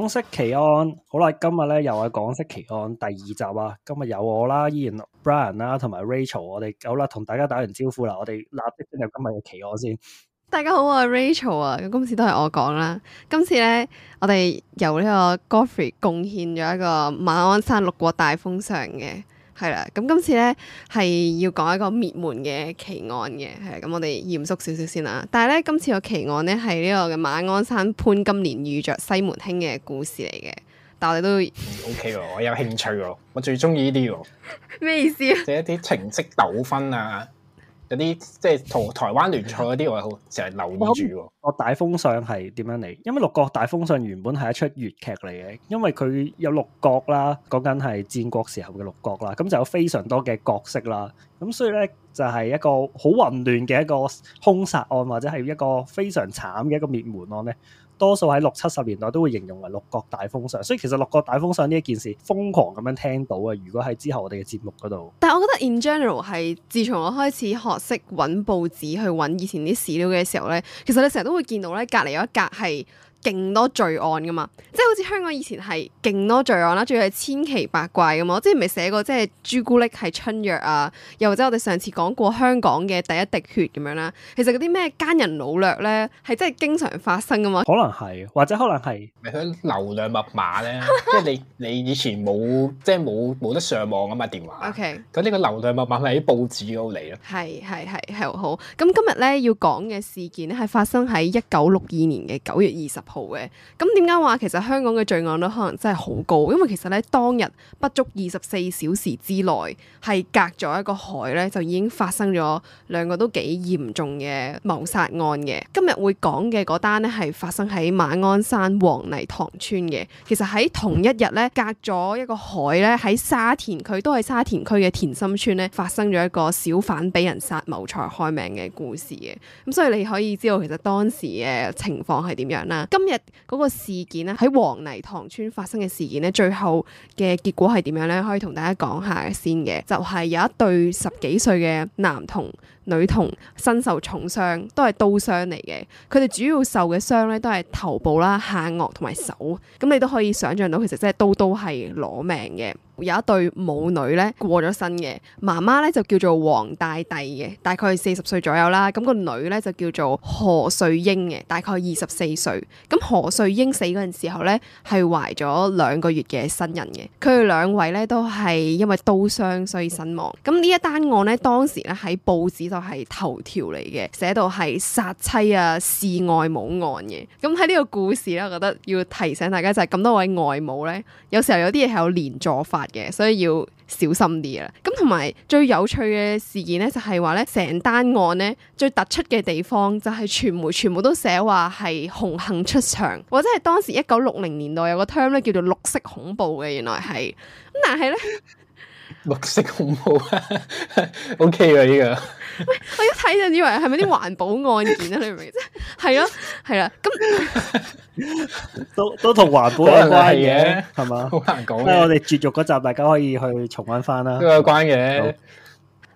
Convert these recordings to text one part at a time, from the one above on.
港識奇案，好啦，今日咧又係港識奇案第二集啊！今日有我啦，依然 Brian 啦，同埋 Rachel，我哋好啦，同大家打完招呼啦，我哋立即進入今日嘅奇案先。大家好，我係 Rachel 啊，今次都係我講啦。今次咧，我哋由呢個 Godfrey 貢獻咗一個馬鞍山六國大封相嘅。係啦，咁今次咧，係要講一個滅門嘅奇案嘅，係咁我哋嚴肅少少先啦。但係咧，今次個奇案咧係呢個嘅馬鞍山潘金蓮遇着西門慶嘅故事嚟嘅。但係我哋都，OK 喎，我有興趣喎，我最中意呢啲喎。咩 意思啊？即係一啲情色糾紛啊！啲即係同台灣聯賽嗰啲，我好，成日留意住。六 國大封相係點樣嚟？因為六國大封相原本係一出粵劇嚟嘅，因為佢有六國啦，講緊係戰國時候嘅六國啦，咁就有非常多嘅角色啦，咁所以咧就係、是、一個好混亂嘅一個兇殺案，或者係一個非常慘嘅一個滅門案咧。多數喺六七十年代都會形容為六國大封相，所以其實六國大封相呢一件事，瘋狂咁樣聽到啊！如果喺之後我哋嘅節目嗰度，但係我覺得 in general，係自從我開始學識揾報紙去揾以前啲史料嘅時候呢，其實你成日都會見到呢隔離有一格係。勁多罪案噶嘛，即係好似香港以前係勁多罪案啦，仲要係千奇百怪噶嘛。我之前咪寫過，即係朱古力係春藥啊，又或者我哋上次講過香港嘅第一滴血咁樣啦。其實嗰啲咩奸人擄掠咧，係真係經常發生噶嘛。可能係，或者可能係佢流量密碼咧， 即係你你以前冇即係冇冇得上網啊嘛電話。O K。咁呢個流量密碼係喺報紙嗰度嚟咯。係係係係好。咁今日咧要講嘅事件咧係發生喺一九六二年嘅九月二十。好嘅，咁點解話其實香港嘅罪案率可能真係好高？因為其實咧，當日不足二十四小時之內，係隔咗一個海咧，就已經發生咗兩個都幾嚴重嘅謀殺案嘅。今日會講嘅嗰單咧，係發生喺馬鞍山黃泥塘村嘅。其實喺同一日呢，隔咗一個海咧，喺沙田區，佢都係沙田區嘅田心村呢，發生咗一個小販俾人殺謀財害命嘅故事嘅。咁所以你可以知道其實當時嘅情況係點樣啦。今日嗰個事件咧，喺黃泥塘村發生嘅事件咧，最後嘅結果係點樣咧？可以同大家講下先嘅，就係、是、有一對十幾歲嘅男童女童身受重傷，都係刀傷嚟嘅。佢哋主要受嘅傷咧，都係頭部啦、下顎同埋手。咁你都可以想象到，其實真係刀刀係攞命嘅。有一對母女咧過咗身嘅，媽媽咧就叫做黃大帝嘅，大概四十歲左右啦。咁、那個女咧就叫做何瑞英嘅，大概二十四歲。咁何瑞英死嗰陣時候咧，係懷咗兩個月嘅新人嘅。佢哋兩位咧都係因為刀傷所以身亡。咁呢一單案咧，當時咧喺報紙就係頭條嚟嘅，寫到係殺妻啊弒外母案嘅。咁喺呢個故事咧，我覺得要提醒大家就係、是、咁多位外母咧，有時候有啲嘢係有連坐法嘅，所以要小心啲啦。咁同埋最有趣嘅事件咧，就係話咧，成單案咧最突出嘅地方就係傳媒全部都寫話係紅杏出牆，或者係當時一九六零年代有個 term 咧叫做綠色恐怖嘅，原來係咁，但係咧綠色恐怖啊 ，OK 啊的，呢個 我一睇就以為係咪啲環保案件 啊，你明唔明？即係咯，係啦，咁。 都都同環保有關嘅，係嘛？好 難講吧。我哋絕育嗰集，大家可以去重溫翻啦。都有關嘅。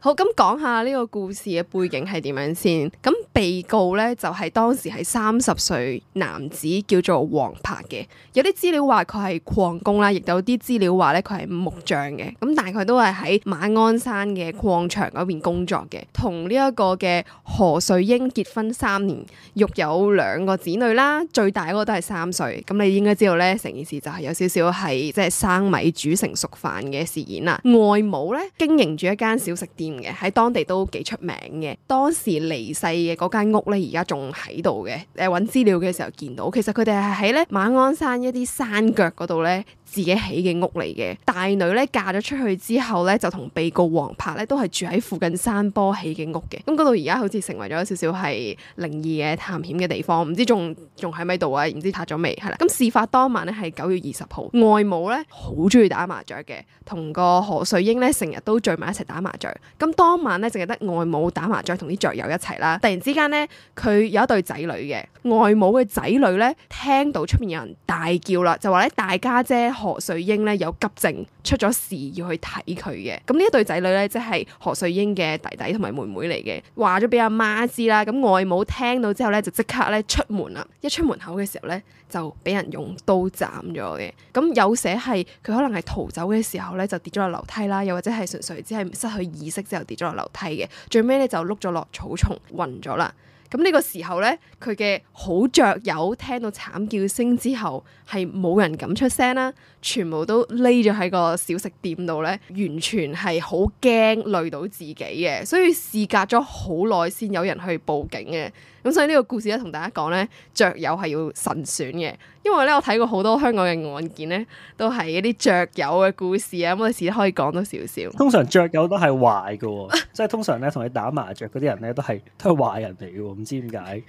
好，咁講下呢個故事嘅背景係點樣先？咁被告咧就係、是、當時係三十歲男子，叫做黃柏嘅。有啲資料話佢係礦工啦，亦有啲資料話咧佢係木匠嘅。咁大概都係喺馬鞍山嘅礦場嗰邊工作嘅。同呢一個嘅何瑞英結婚三年，育有兩個子女啦，最大嗰個都係三歲。咁你應該知道咧，成件事就係有少少係即係生米煮成熟飯嘅事件啦。外母咧經營住一間小食店。喺當地都幾出名嘅，當時離世嘅嗰間屋呢，而家仲喺度嘅。揾資料嘅時候見到，其實佢哋係喺呢馬鞍山一啲山腳嗰度呢。自己起嘅屋嚟嘅，大女咧嫁咗出去之後咧就同被告黃柏咧都係住喺附近山坡起嘅屋嘅，咁嗰度而家好似成為咗少少係靈異嘅探險嘅地方，唔知仲仲喺咪度啊？唔知拍咗未？係啦，咁、嗯、事發當晚咧係九月二十號，外母咧好中意打麻雀嘅，同個何瑞英咧成日都聚埋一齊打麻雀。咁當晚咧淨係得外母打麻雀同啲雀友一齊啦。突然之間咧，佢有一對仔女嘅外母嘅仔女咧聽到出面有人大叫啦，就話咧，大家姐。何瑞英咧有急症出咗事，要去睇佢嘅。咁呢一對仔女咧，即係何瑞英嘅弟弟同埋妹妹嚟嘅，話咗俾阿媽知啦。咁外母聽到之後咧，就即刻咧出門啦。一出門口嘅時候咧，就俾人用刀斬咗嘅。咁有寫係佢可能係逃走嘅時候咧，就跌咗落樓梯啦，又或者係純粹只係失去意識之後跌咗落樓梯嘅。最尾咧就碌咗落草叢暈咗啦。咁呢個時候咧，佢嘅好雀友聽到慘叫聲之後，係冇人敢出聲啦，全部都匿咗喺個小食店度咧，完全係好驚累到自己嘅，所以事隔咗好耐先有人去報警嘅。咁所以呢個故事咧同大家講咧，雀友係要慎選嘅，因為咧我睇過好多香港嘅案件咧，都係一啲雀友嘅故事啊，咁我哋試可以講多少少？通常雀友都係壞嘅， 即係通常咧同你打麻雀嗰啲人咧都係都係壞人嚟嘅，唔知點解？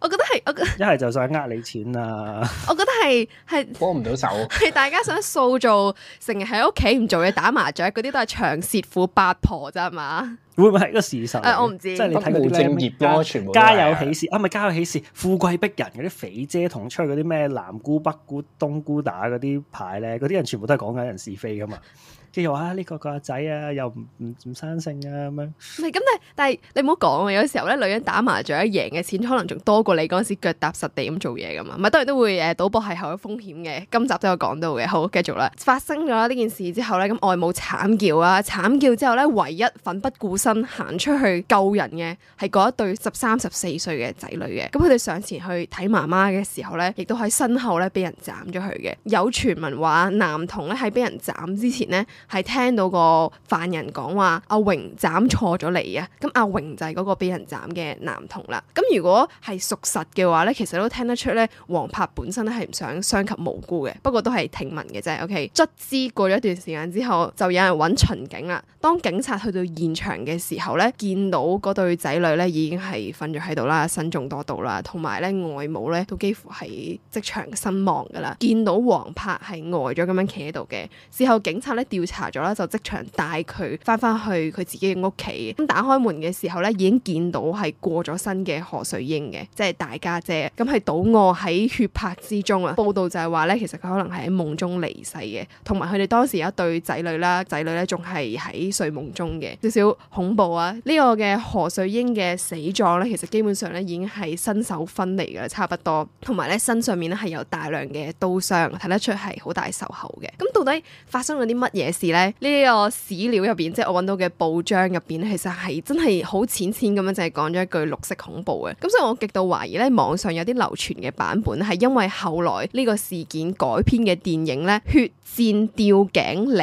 我覺得係我一係就想呃你錢啊！我覺得係係幫唔到手，係 大家想塑造成日喺屋企唔做嘢打麻雀嗰啲都係長舌婦八婆啫嘛？會唔會係一個事實？啊、我唔知。即係你睇嗰啲正業全部家有喜事，啊唔係家有喜事，富貴逼人嗰啲肥姐同出去嗰啲咩南菇北菇冬菇打嗰啲牌咧，嗰啲人全部都係講緊人是非噶嘛？ 跟住話啊，呢、這個、這個阿仔、這個、啊，又唔唔生性啊咁樣。唔係咁，但係但係你唔好講啊！有時候咧，女人打麻雀贏嘅錢，可能仲多過你嗰時腳踏實地咁做嘢噶嘛。唔係當然都會誒，賭、啊、博係有風險嘅。今集都有講到嘅，好，繼續啦。發生咗呢件事之後咧，咁外母慘叫啊，慘叫之後咧，唯一奮不顧身行出去救人嘅係嗰一對十三、十四歲嘅仔女嘅。咁佢哋上前去睇媽媽嘅時候咧，亦都喺身後咧俾人斬咗佢嘅。有傳聞話男童咧喺俾人斬之前咧。係聽到個犯人講話阿榮斬錯咗你啊！咁阿榮就係嗰個俾人斬嘅男童啦。咁如果係屬實嘅話咧，其實都聽得出咧，黃柏本身咧係唔想傷及無辜嘅，不過都係聽聞嘅啫。O.K. 卒之過咗一段時間之後，就有人揾巡警啦。當警察去到現場嘅時候咧，見到嗰對仔女咧已經係瞓咗喺度啦，身中多刀啦，同埋咧外母咧都幾乎係即場身亡㗎啦。見到黃柏係呆咗咁樣企喺度嘅，事後警察咧調查咗啦，就即場帶佢返返去佢自己嘅屋企。咁打開門嘅時候咧，已經見到係過咗身嘅何瑞英嘅，即係大家姐。咁係倒卧喺血泊之中啊！報道就係話咧，其實佢可能係喺夢中離世嘅，同埋佢哋當時有一對仔女啦，仔女咧仲係喺睡夢中嘅，少少恐怖啊！呢、這個嘅何瑞英嘅死狀咧，其實基本上咧已經係身首分離噶，差唔多，同埋咧身上面咧係有大量嘅刀傷，睇得出係好大傷口嘅。咁到底發生咗啲乜嘢？是咧呢個史料入邊，即係我揾到嘅報章入邊，其實係真係好淺淺咁樣，就係講咗一句綠色恐怖嘅。咁、嗯、所以我極度懷疑咧，網上有啲流傳嘅版本係因為後來呢個事件改編嘅電影咧，《血戰吊頸嶺》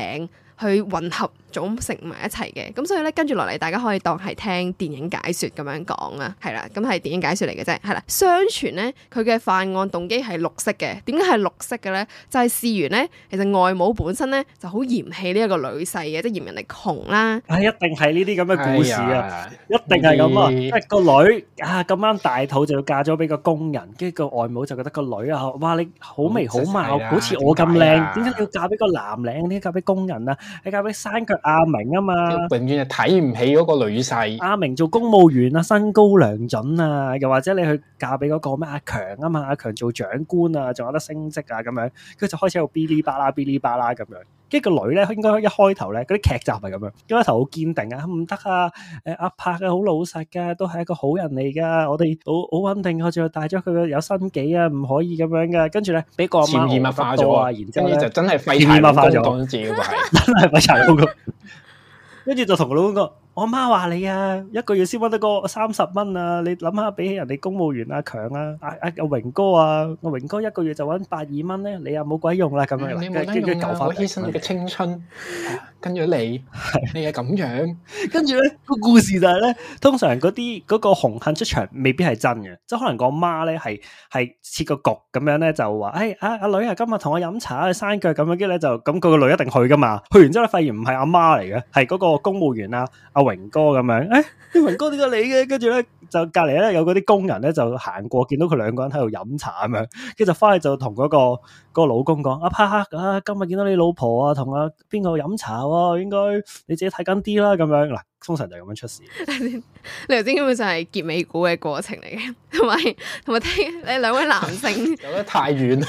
去混合。組成埋一齊嘅，咁所以咧跟住落嚟，大家可以當係聽電影解說咁樣講啊。係啦，咁係電影解說嚟嘅啫，係啦。相傳咧，佢嘅犯案動機係綠色嘅，點解係綠色嘅咧？就係、是、事緣咧，其實外母本身咧就好嫌棄呢一個女婿嘅，即嫌人哋窮啦，一定係呢啲咁嘅故事啊，哎、呀一定係咁、哎、呀啊，個女啊咁啱大肚就要嫁咗俾個工人，跟住個外母就覺得個女啊，哇，你好眉好貌，啊，好似、嗯、我咁靚，點解要嫁俾個藍領，點解嫁俾工人啊？你嫁俾山腳？阿明啊嘛，永遠係睇唔起嗰個女婿。阿明做公務員啊，身高良準啊，又或者你去嫁俾嗰個咩阿強啊嘛，阿強、啊、做長官啊，仲有得升職啊，咁樣，跟住就開始喺度嗶哩吧啦嗶哩吧啦咁樣。跟住個女咧，應該一開頭咧，嗰啲劇集係咁樣，一開頭好堅定啊，唔得啊，誒阿柏啊，好老實噶，都係一個好人嚟噶，我哋好好穩定啊，仲要帶咗佢個有心機啊，唔可以咁樣噶，跟住咧俾個阿媽潛移默化咗啊，然之後就真係廢柴，個當自己係真係廢柴嗰個，跟住就同個老公講。我媽話你啊，一個月先揾得個三十蚊啊！你諗下，比起人哋公務員阿強啊，阿阿阿榮哥啊，阿榮哥一個月就揾百二蚊咧，你又、啊、冇鬼用啦咁樣啦，跟住、嗯啊、救翻犧牲你嘅青春。 跟住你，你嘅咁樣， 跟住咧個故事就係咧，通常嗰啲嗰個紅杏出牆未必係真嘅，即係可能個阿媽咧係係設個局咁樣咧，就話誒阿阿女啊，女今日同我飲茶啊，山腳咁樣，跟住咧就咁佢、嗰個女一定去噶嘛，去完之後咧，發現唔係阿媽嚟嘅，係嗰個公務員啊阿榮、啊、哥咁樣、哎，誒，阿榮哥點解你嘅？跟住咧就隔籬咧有嗰啲工人咧就行過，見到佢兩個人喺度飲茶咁樣，跟住就翻去就同嗰、嗰個、嗰個老公講啊，哈，黑啊，今日見到你老婆啊，同阿邊個飲茶、啊。哦，應該你自己睇緊啲啦，咁樣嗱。通常就係咁樣出事， 你頭先根本就係結尾股嘅過程嚟嘅，同埋同埋聽你兩位男性，走得太遠，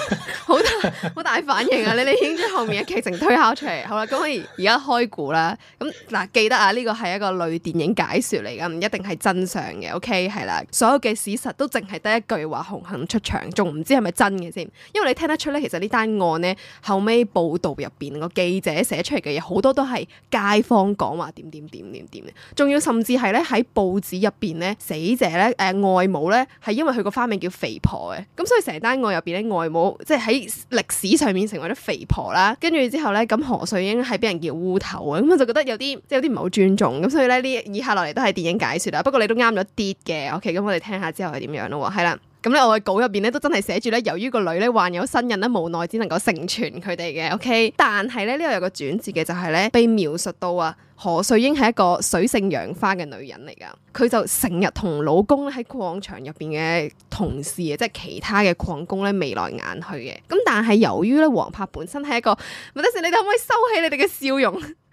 好大好大反應啊！你哋已經將後面嘅劇情推敲出嚟，好啦，咁可以而家開估啦。咁嗱、啊，記得啊，呢個係一個類電影解說嚟噶，唔一定係真相嘅。OK，係啦，所有嘅事實都淨係得一句話，紅杏出牆，仲唔知係咪真嘅先？因為你聽得出咧，其實呢單案咧後尾報道入邊個記者寫出嚟嘅嘢，好多都係街坊講話點點點點點。仲要甚至係咧喺報紙入邊咧，死者咧誒、呃、外母咧係因為佢個花名叫肥婆嘅，咁所以成單案入邊咧外母即係喺歷史上面成為咗肥婆啦，跟住之後咧咁何穗英係俾人叫烏頭啊，咁我就覺得有啲即係有啲唔係好尊重，咁所以咧呢以下落嚟都係電影解說啦，不過你都啱咗啲嘅，OK，咁我哋聽下之後係點樣咯喎，係啦。咁咧，我嘅稿入邊咧都真係寫住咧，由於個女咧患有身孕咧，無奈只能夠成全佢哋嘅。OK，但係咧呢度有個轉折嘅就係咧，被描述到啊何瑞英係一個水性楊花嘅女人嚟㗎，佢就成日同老公咧喺礦場入邊嘅同事啊，即係其他嘅礦工咧眉來眼去嘅。咁但係由於咧黃柏本身係一個，唔得事，你哋可唔可以收起你哋嘅笑容？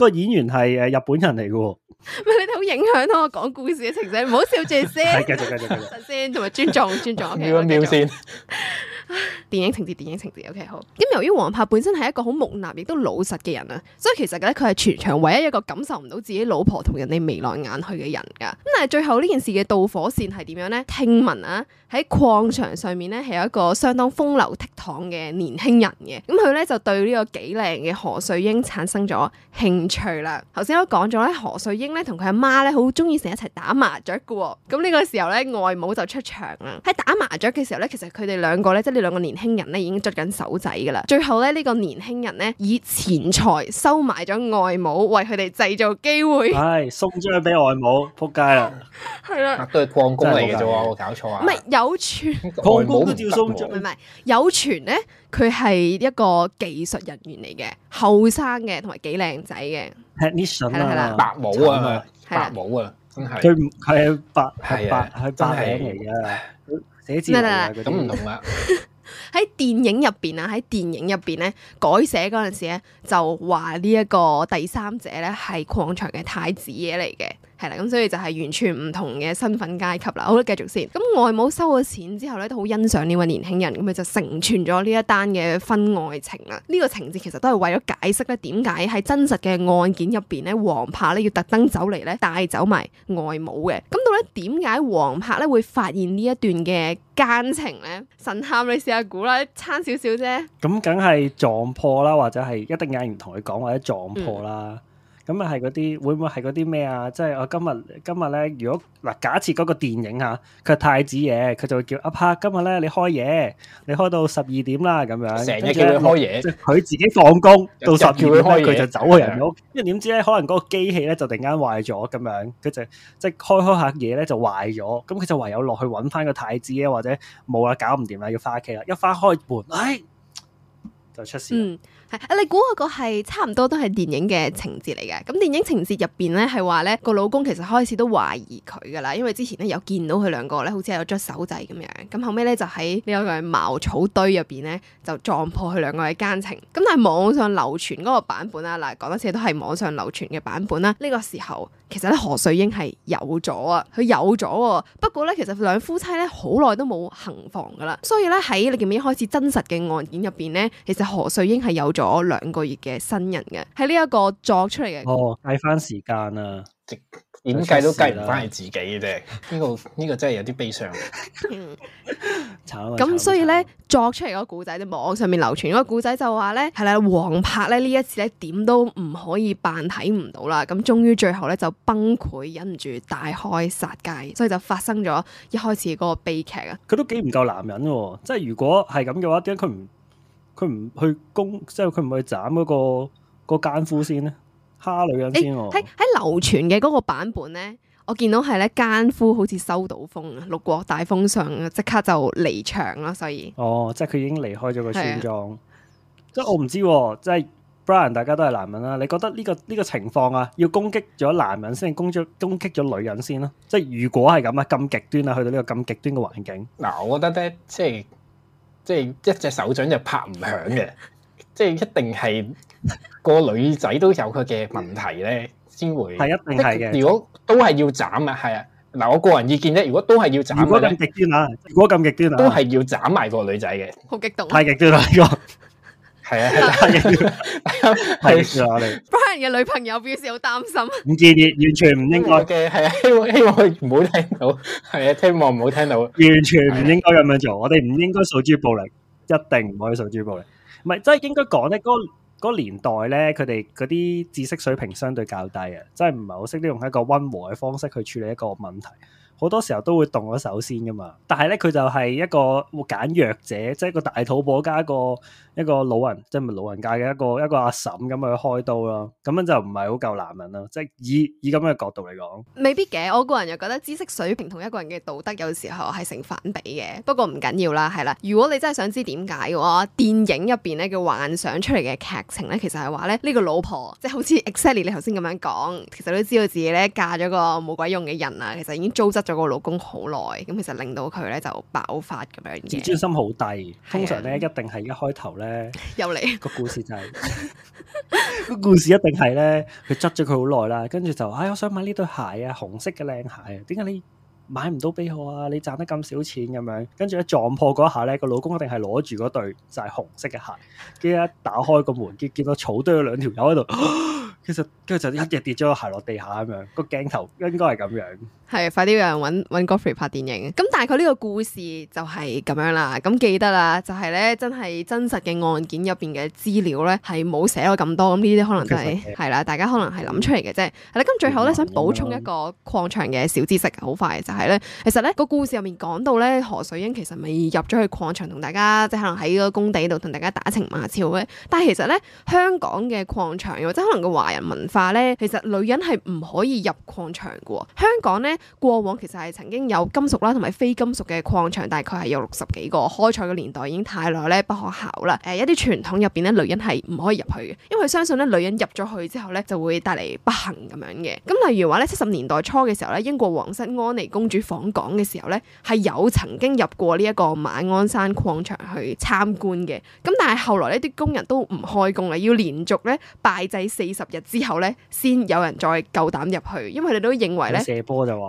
個演員係誒日本人嚟嘅、哦，唔 你哋好影響到我講故事嘅情緒，唔好笑住先，係繼 續繼續先，同埋尊重尊重秒一秒先。 電影情節，電影情節尤其，okay, 好。咁由於黃柏本身係一個好木訥亦都老實嘅人啦，所以其實咧佢係全場唯一一個感受唔到自己老婆同人哋眉來眼去嘅人噶。咁但係最後呢件事嘅導火線係點樣呢？聽聞啊喺礦場上面咧係有一個相當風流倜儻嘅年輕人嘅，咁佢咧就對呢個幾靚嘅何瑞英產生咗興趣啦。頭先都講咗咧，何瑞英咧同佢阿媽咧好中意成日一齊打麻雀噶。咁呢個時候咧外母就出場啦。喺打麻雀嘅時候咧，其實佢哋兩個咧即兩個年輕人咧已經捉緊手仔噶啦，最後咧呢個年輕人咧以錢財收買咗外母，為佢哋製造機會，係送張俾外母，扑街啦，係啊，都係礦工嚟嘅啫，我搞錯啊，唔係有傳礦工都照送，唔係唔係有傳咧，佢係一個技術人員嚟嘅，後生嘅，同埋幾靚仔嘅，technician 啊，白帽啊，白帽啊，真係，佢係白係白係白領嚟噶，寫字咁唔同啦。喺電影入邊啊，喺電影入邊咧改寫嗰陣時咧，就話呢一個第三者咧係礦場嘅太子爺嚟嘅。係啦，咁所以就係完全唔同嘅身份階級啦。好啦，繼續先。咁外母收咗錢之後咧，都好欣賞呢位年輕人，咁咪就成全咗呢一單嘅婚外情啦。呢個情節其實都係為咗解釋咧，點解喺真實嘅案件入邊咧，黃柏咧要特登走嚟，咧帶走埋外母嘅。咁到底點解黃柏咧會發現呢一段嘅奸情咧？神探，你試下估啦，差少少啫。咁梗係撞破啦，或者係一定嗌唔同佢講，或者撞破啦。嗯咁啊，係嗰啲會唔會係嗰啲咩啊？即係我今日今日咧，如果嗱假設嗰個電影吓，佢係太子爺，佢就會叫阿拍啊。今日咧，你開嘢，你開到十二點啦，咁樣成日叫你開嘢，佢後自己放工有12 到十二點會開佢就走去人哋屋。是的 因為點知咧，可能嗰個機器咧就突然間壞咗咁樣，佢就即係開開下嘢咧就壞咗。咁佢就唯有落去揾翻個太子爺，或者冇啦，搞唔掂啦，要翻屋企啦，一翻開門，哎！出事，嗯，係啊！你估嗰個係差唔多都係電影嘅情節嚟嘅。咁電影情節入邊咧係話咧個老公其實開始都懷疑佢噶啦，因為之前咧有見到佢兩個咧好似有捉手仔咁樣。咁、嗯、後尾咧就喺呢一個茅草堆入邊咧就撞破佢兩個嘅奸情。咁、嗯、但係網上流傳嗰個版本啊，嗱講多次都係網上流傳嘅版本啦。呢個時候其實咧何瑞英係有咗啊，佢有咗喎、哦。不過咧其實兩夫妻咧好耐都冇行房噶啦，所以咧喺你見唔見開始真實嘅案件入邊咧，其實。何瑞英係有咗兩個月嘅新人嘅，喺呢一個作出嚟嘅。哦，計翻時間啊，點計都計唔翻係自己嘅啫，呢、這個呢、這個真係有啲悲傷。嗯，慘啊！咁所以咧，作出嚟個故仔，網上面流傳個故仔就話咧，係啦，黃柏咧呢一次咧點都唔可以扮睇唔到啦，咁終於最後咧就崩潰，忍唔住大開殺戒，所以就發生咗一開始嗰個悲劇啊！佢都幾唔夠男人，即係如果係咁嘅話，點解佢唔？佢唔去攻，即係佢唔去斬嗰、那個個奸夫先咧，蝦女人先喎、哦。喺喺、欸、流傳嘅嗰個版本呢，我見到係咧奸夫好似收到風啊，六國大風上，即刻就離場啦，所以哦，即係佢已經離開咗個村莊、啊啊。即係我唔知，即係 Brian，大家都係男人啦、啊。你覺得呢、這個呢、這個情況啊，要攻擊咗男人先攻擊攻擊咗女人先咯、啊？即係如果係咁啊，咁極端啊，去到呢個咁極端嘅環境。嗱、啊，我覺得呢。即係。即係一隻手掌就拍唔響嘅， 即係一， 會一定係個女仔都有佢嘅問題咧，先會係一定係，如果都係要斬嘅。係啊嗱，我個人意見咧，如果都係要斬，如果咁極端啊，如果咁極端、啊、都係要斬埋個女仔嘅，好激動、啊， 太極端啦呢個。 係啊，係啊，係啊，Brian 嘅女朋友表示好擔心。唔知啲完全唔應該嘅，係啊， 希望希望唔好聽到，係啊，希望唔好聽到。 完全唔應該咁樣做， 我哋唔應該訴諸暴力，一定唔可以訴諸暴力。唔係，即係應該講呢嗰個年代咧，佢哋嗰啲知識水平相對較低啊，真係唔係好識得用一個溫和嘅方式去處理一個問題。好多時候都會動咗手先噶嘛。但係咧，佢就係一個揀弱者，即係個大肚婆加一個。一個老人，即係老人家嘅一個一個阿嬸咁去開刀咯，咁樣就唔係好夠男人咯。即係以以咁嘅角度嚟講，未必嘅。我個人又覺得知識水平同一個人嘅道德有時候係成反比嘅。不過唔緊要啦，係啦。如果你真係想知點解嘅話，電影入邊咧叫幻想出嚟嘅劇情咧，其實係話咧，呢個老婆，即係好似 Xenia 你頭先咁樣講，其實都知道自己咧嫁咗個冇鬼用嘅人啊，其實已經糟質咗個老公好耐，咁其實令到佢咧就爆發咁樣嘅。自尊心好低，通常咧一定係一開頭咧，有嚟個故事就係、是、個 故事一定係咧，佢執咗佢好耐啦，跟住就，哎，我想買呢對鞋啊，紅色嘅靚鞋啊，點解你？買唔到俾我啊！你賺得咁少錢咁樣，跟住咧撞破嗰下咧，個老公一定係攞住嗰對就係紅色嘅鞋，跟住一打開個門，見見到草堆有兩條友喺度， 其實跟住就一嘢跌咗個鞋落地下咁樣，個鏡頭應該係咁樣。係，快啲有人揾揾 Godfrey 拍電影。咁但係佢呢個故事就係咁樣啦。咁記得啦，就係、是、咧真係真實嘅案件入邊嘅資料咧係冇寫咗咁多，咁呢啲可能都係係啦，大家可能係諗出嚟嘅啫。係啦，咁最後咧想補充一個礦場嘅小知識，好快就係、是。係咧，其實咧個故事入面講到咧何水英其實咪入咗去礦場同大家，即係可能喺個工地度同大家打情罵俏嘅。但係其實咧香港嘅礦場，或者可能個華人文化咧，其實女人係唔可以入礦場嘅。香港咧過往其實係曾經有金屬啦同埋非金屬嘅礦場，大概係有六十幾個。開採嘅年代已經太耐咧，不可考啦。誒、呃，一啲傳統入邊咧，女人係唔可以入去嘅，因為相信咧女人入咗去之後咧就會帶嚟不幸咁樣嘅。咁例如話咧七十年代初嘅時候咧，英國皇室安妮公住訪港嘅時候咧，係有曾經入過呢一個馬鞍山礦場去參觀嘅。咁但係後來呢啲工人都唔開工啦，要連續咧拜祭四十日之後咧，先有人再夠膽入去，因為佢哋都認為咧射波就話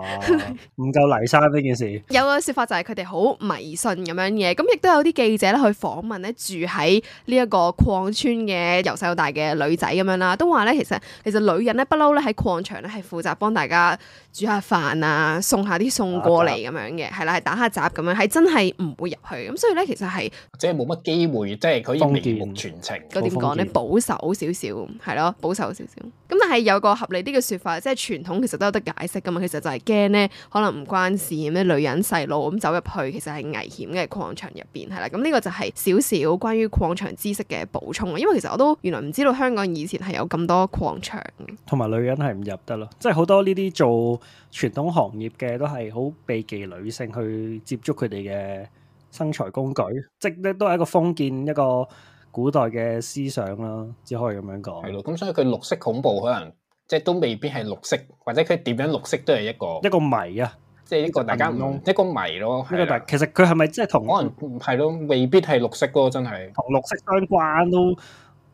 唔 夠泥沙呢件事。有個説法就係佢哋好迷信咁樣嘅，咁亦都有啲記者咧去訪問咧住喺呢一個礦村嘅由細到大嘅女仔咁樣啦，都話咧其實其實女人咧不嬲咧喺礦場咧係負責幫大家煮下飯啊、送下。啲送過嚟咁樣嘅，係啦，係打下閘咁樣，係真係唔會入去咁，所以咧其實係即係冇乜機會，即係佢要眉目全程。個點講咧保守少少，係咯，保守少少咁。係有個合理啲嘅說法，即係傳統其實都有得解釋噶嘛。其實就係驚咧，可能唔關事咩女人細路咁走入去，其實係危險嘅礦場入邊係啦。咁呢個就係少少關於礦場知識嘅補充啊。因為其實我都原來唔知道香港以前係有咁多礦場同埋女人係唔入得咯。即係好多呢啲做傳統行業嘅都係好避忌女性去接觸佢哋嘅生財工具，即係都係一個封建一個。古代嘅思想啦，只可以咁樣講。係咯，咁所以佢綠色恐怖可能即係都未必係綠色，或者佢點樣綠色都係一個一個謎啊！即係一個大家唔通，嗯、一個謎咯、啊。呢個其實佢係咪即係同可能係咯，未必係綠色咯，真係同綠色相關都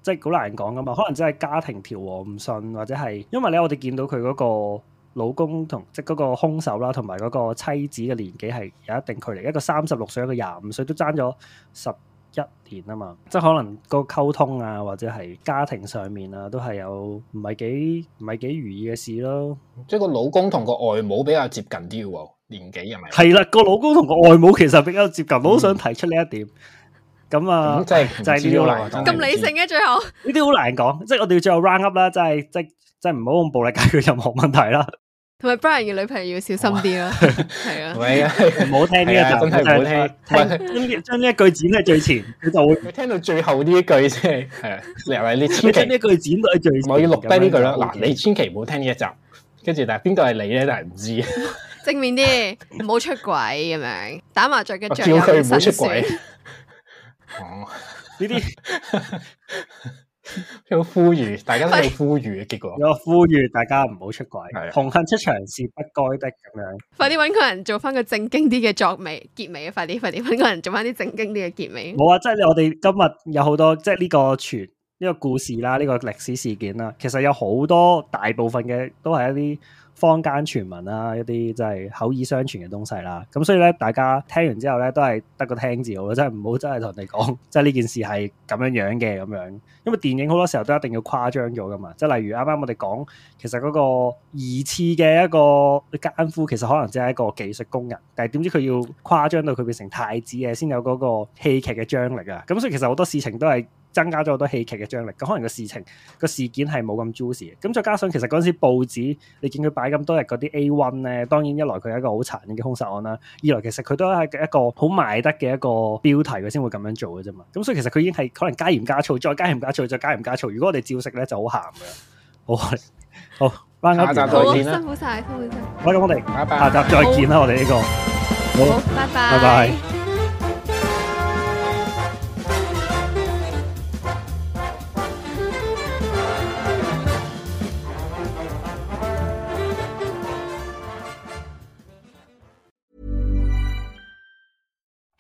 即係好難講噶嘛。可能真係家庭調和唔順，或者係因為咧，我哋見到佢嗰個老公同即係嗰個兇手啦，同埋嗰個妻子嘅年紀係有一定距離，一個三十六歲，一個廿五歲，都爭咗十。一年啊嘛，即係可能個溝通啊，或者係家庭上面啊，都係有唔係幾唔係幾如意嘅事咯。即係個老公同個外母比較接近啲喎，年紀係咪？係啦，個老公同個外母其實比較接近，嗯、我都想提出呢一點。咁啊，即係就係呢啲難咁理性嘅最後，呢啲好難講。即係我哋要最後 round up 啦，即係即係即係唔好用暴力解決任何問題啦。同埋 Brian 嘅女朋友要小心啲咯。係啊，唔好聽呢一集，真係唔好聽。將將呢一句剪喺最前，你就會聽到最後呢一句先。係啊，你千祈呢一句剪喺最，我要錄低呢句咯。嗱，你千祈唔好聽呢一集，跟住但係邊個係你咧，但係唔知。正面啲，唔好出軌咁樣，打麻雀嘅最核心。叫佢唔好出軌。哦，呢啲。要呼籲，大家都要呼籲嘅結果。要呼籲大家唔好出軌，紅杏出牆是不該的咁樣。快啲揾個人做翻個正經啲嘅作尾結尾啊！快啲，快啲揾個人做翻啲正經啲嘅結尾。冇啊，即係我哋今日有好多，即係呢個傳呢個故事啦，呢個歷史事件啦，其實有好多，大部分嘅都係一啲。坊間傳聞啦、啊，一啲即係口耳相傳嘅東西啦，咁所以咧，大家聽完之後咧，都係得個聽字好咯，即係唔好真係同人哋講，即係呢件事係咁樣樣嘅咁樣，因為電影好多時候都一定要誇張咗噶嘛，即係例如啱啱我哋講，其實嗰個疑似嘅一個奸夫，其實可能只係一個技術工人，但係點知佢要誇張到佢變成太子啊，先有嗰個戲劇嘅張力啊，咁所以其實好多事情都係。增加咗好多戲劇嘅張力，咁可能個事情、個事件係冇咁 juicy 嘅，咁再加上其實嗰陣時報紙，你見佢擺咁多日嗰啲 A1 咧，當然一來佢係一個好殘忍嘅兇殺案啦，二來其實佢都係一個好賣得嘅一個標題，佢先會咁樣做嘅啫嘛。咁所以其實佢已經係可能加鹽加醋，加鹽加醋，再加鹽加醋，再加鹽加醋。如果我哋照食咧，就好鹹嘅。好，我好，下集再見啦。辛苦曬，辛苦曬。好，我哋拜下集再見啦，好我哋呢、呢個。好，好好拜拜。拜拜。